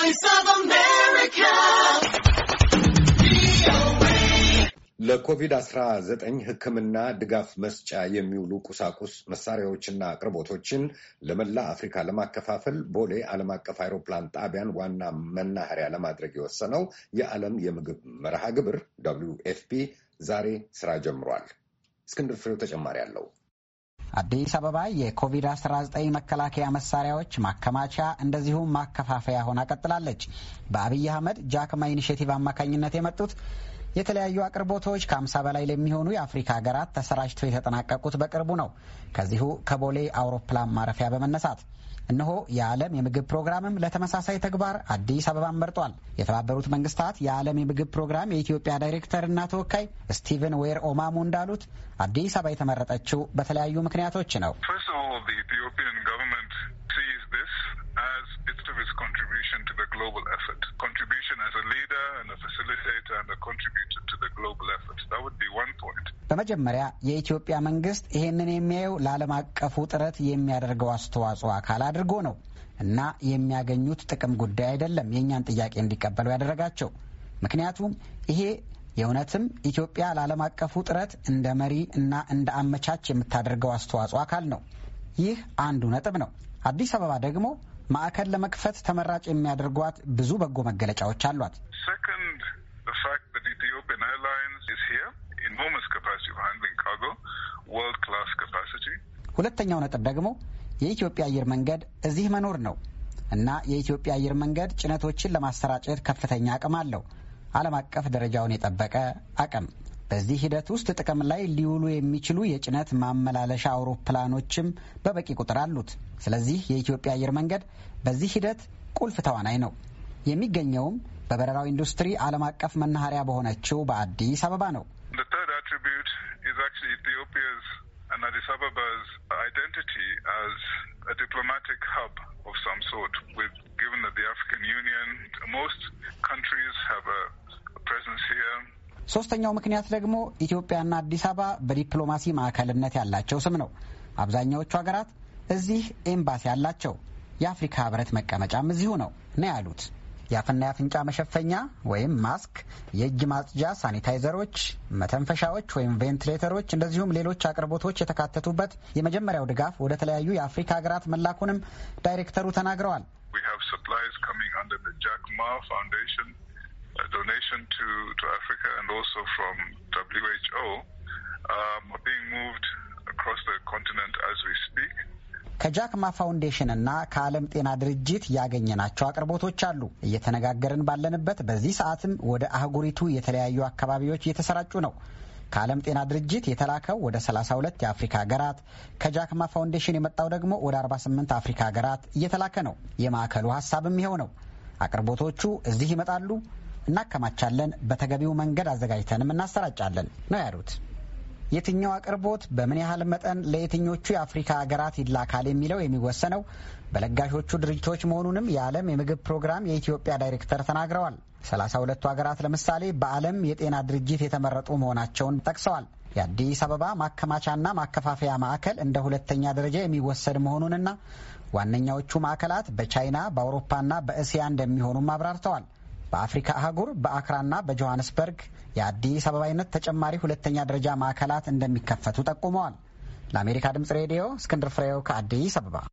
ቮይስ ኦፍ አሜሪካ ለኮቪድ-19 ሕክምና ድጋፍ መስጫ የሚውሉ ቁሳቁስ መሳሪያዎችና አቅርቦቶችን ለመላ አፍሪካ ለማከፋፈል ቦሌ ዓለም አቀፍ አይሮፕላን ጣቢያን ዋና መናኸሪያ ለማድረግ የወሰነው የዓለም የምግብ መርሃ ግብር ደብሊው ኤፍ ፒ ዛሬ ስራ ጀምሯል። እስክንድር ፍሬው ተጨማሪ አለው። አዲስ አበባ የኮቪድ-19 መከላከያ መሳሪያዎች ማከማቻ እንደዚሁም ማከፋፈያ ሆና ቀጥላለች። በአብይ አህመድ ጃክማ ኢኒሽቲቭ አማካኝነት የመጡት የተለያዩ አቅርቦቶች ከአምሳ በላይ ለሚሆኑ የአፍሪካ ሀገራት ተሰራጭተው የተጠናቀቁት በቅርቡ ነው። ከዚሁ ከቦሌ አውሮፕላን ማረፊያ በመነሳት እነሆ የዓለም የምግብ ፕሮግራምም ለተመሳሳይ ተግባር አዲስ አበባን መርጧል። የተባበሩት መንግስታት የዓለም የምግብ ፕሮግራም የኢትዮጵያ ዳይሬክተርና ተወካይ ስቲቨን ዌር ኦማሙ እንዳሉት አዲስ አበባ የተመረጠችው በተለያዩ ምክንያቶች ነው። በመጀመሪያ የኢትዮጵያ መንግስት ይህንን የሚያየው ለዓለም አቀፉ ጥረት የሚያደርገው አስተዋጽኦ አካል አድርጎ ነው እና የሚያገኙት ጥቅም ጉዳይ አይደለም የእኛን ጥያቄ እንዲቀበሉ ያደረጋቸው። ምክንያቱም ይሄ የእውነትም ኢትዮጵያ ለዓለም አቀፉ ጥረት እንደ መሪ እና እንደ አመቻች የምታደርገው አስተዋጽኦ አካል ነው። ይህ አንዱ ነጥብ ነው። አዲስ አበባ ደግሞ ማዕከል ለመክፈት ተመራጭ የሚያደርጓት ብዙ በጎ መገለጫዎች አሏት። ሁለተኛው ነጥብ ደግሞ የኢትዮጵያ አየር መንገድ እዚህ መኖር ነው እና የኢትዮጵያ አየር መንገድ ጭነቶችን ለማሰራጨት ከፍተኛ አቅም አለው። ዓለም አቀፍ ደረጃውን የጠበቀ አቅም። በዚህ ሂደት ውስጥ ጥቅም ላይ ሊውሉ የሚችሉ የጭነት ማመላለሻ አውሮፕላኖችም በበቂ ቁጥር አሉት። ስለዚህ የኢትዮጵያ አየር መንገድ በዚህ ሂደት ቁልፍ ተዋናይ ነው። የሚገኘውም በበረራው ኢንዱስትሪ ዓለም አቀፍ መናኸሪያ በሆነችው በአዲስ አበባ ነው። dispute is actually Ethiopia's and Addis Ababa's identity as a diplomatic hub of some sort. With given that the African Union, most countries have a, a presence here. ሶስተኛው ምክንያት ደግሞ ኢትዮጵያና አዲስ አበባ በዲፕሎማሲ ማዕከልነት ያላቸው ስም ነው። አብዛኛዎቹ ሀገራት እዚህ ኤምባሲ አላቸው። የአፍሪካ ህብረት መቀመጫም እዚሁ ነው ነው ያሉት የአፍና የአፍንጫ መሸፈኛ ወይም ማስክ፣ የእጅ ማጽጃ ሳኒታይዘሮች፣ መተንፈሻዎች ወይም ቬንትሌተሮች እንደዚሁም ሌሎች አቅርቦቶች የተካተቱበት የመጀመሪያው ድጋፍ ወደ ተለያዩ የአፍሪካ ሀገራት መላኩንም ዳይሬክተሩ ተናግረዋል። ዶኔሽን ከጃክማ ፋውንዴሽን እና ከዓለም ጤና ድርጅት ያገኘናቸው አቅርቦቶች አሉ። እየተነጋገርን ባለንበት በዚህ ሰዓትም ወደ አህጉሪቱ የተለያዩ አካባቢዎች እየተሰራጩ ነው። ከዓለም ጤና ድርጅት የተላከው ወደ 32 የአፍሪካ ሀገራት፣ ከጃክማ ፋውንዴሽን የመጣው ደግሞ ወደ 48 አፍሪካ ሀገራት እየተላከ ነው። የማዕከሉ ሀሳብም ይኸው ነው። አቅርቦቶቹ እዚህ ይመጣሉ፣ እናከማቻለን፣ በተገቢው መንገድ አዘጋጅተንም እናሰራጫለን ነው ያሉት። የትኛው አቅርቦት በምን ያህል መጠን ለየትኞቹ የአፍሪካ ሀገራት ይላካል የሚለው የሚወሰነው በለጋሾቹ ድርጅቶች መሆኑንም የዓለም የምግብ ፕሮግራም የኢትዮጵያ ዳይሬክተር ተናግረዋል። ሰላሳ ሁለቱ ሀገራት ለምሳሌ በዓለም የጤና ድርጅት የተመረጡ መሆናቸውን ጠቅሰዋል። የአዲስ አበባ ማከማቻና ማከፋፈያ ማዕከል እንደ ሁለተኛ ደረጃ የሚወሰድ መሆኑንና ዋነኛዎቹ ማዕከላት በቻይና በአውሮፓና በእስያ እንደሚሆኑም አብራርተዋል። በአፍሪካ አህጉር በአክራና በጆሃንስበርግ የአዲስ አበባይነት ተጨማሪ ሁለተኛ ደረጃ ማዕከላት እንደሚከፈቱ ጠቁመዋል። ለአሜሪካ ድምፅ ሬዲዮ እስክንድር ፍሬው ከአዲስ አበባ